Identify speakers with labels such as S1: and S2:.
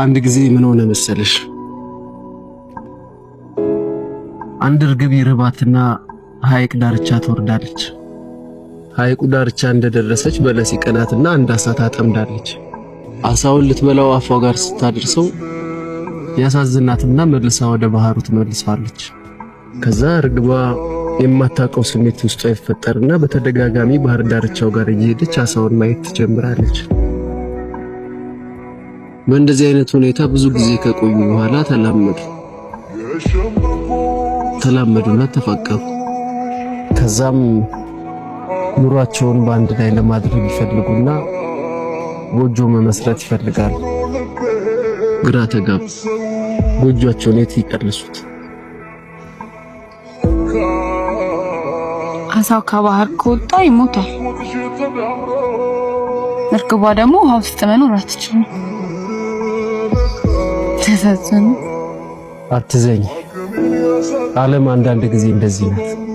S1: አንድ ጊዜ ምን ሆነ መሰለሽ፣ አንድ እርግብ ይርባትና ሐይቅ ዳርቻ ትወርዳለች። ሐይቁ ዳርቻ እንደደረሰች በለስ ይቀናትና አንድ አሳ ታጠምዳለች። አሳውን ልትበላው አፏ ጋር ስታደርሰው ያሳዝናትና መልሳ ወደ ባህሩ ትመልሳለች። ከዛ እርግቧ የማታውቀው ስሜት ውስጧ ይፈጠርና በተደጋጋሚ ባህር ዳርቻው ጋር እየሄደች አሳውን ማየት ትጀምራለች። በእንደዚህ አይነት ሁኔታ ብዙ ጊዜ ከቆዩ በኋላ ተላመዱ ተላመዱና ተፋቀሩ። ከዛም ኑሯቸውን በአንድ ላይ ለማድረግ ይፈልጉና ጎጆ መመስረት ይፈልጋሉ። ግራ ተጋቡ። ጎጆቸውን የት ይቀልሱት?
S2: አሳው ከባህር ከወጣ ይሞታል። እርግቧ ደግሞ ውሃ ውስጥ መኖር አትችልም። አታሳዝኑ፣
S1: አትዘኝ። ዓለም አንዳንድ ጊዜ እንደዚህ ናት።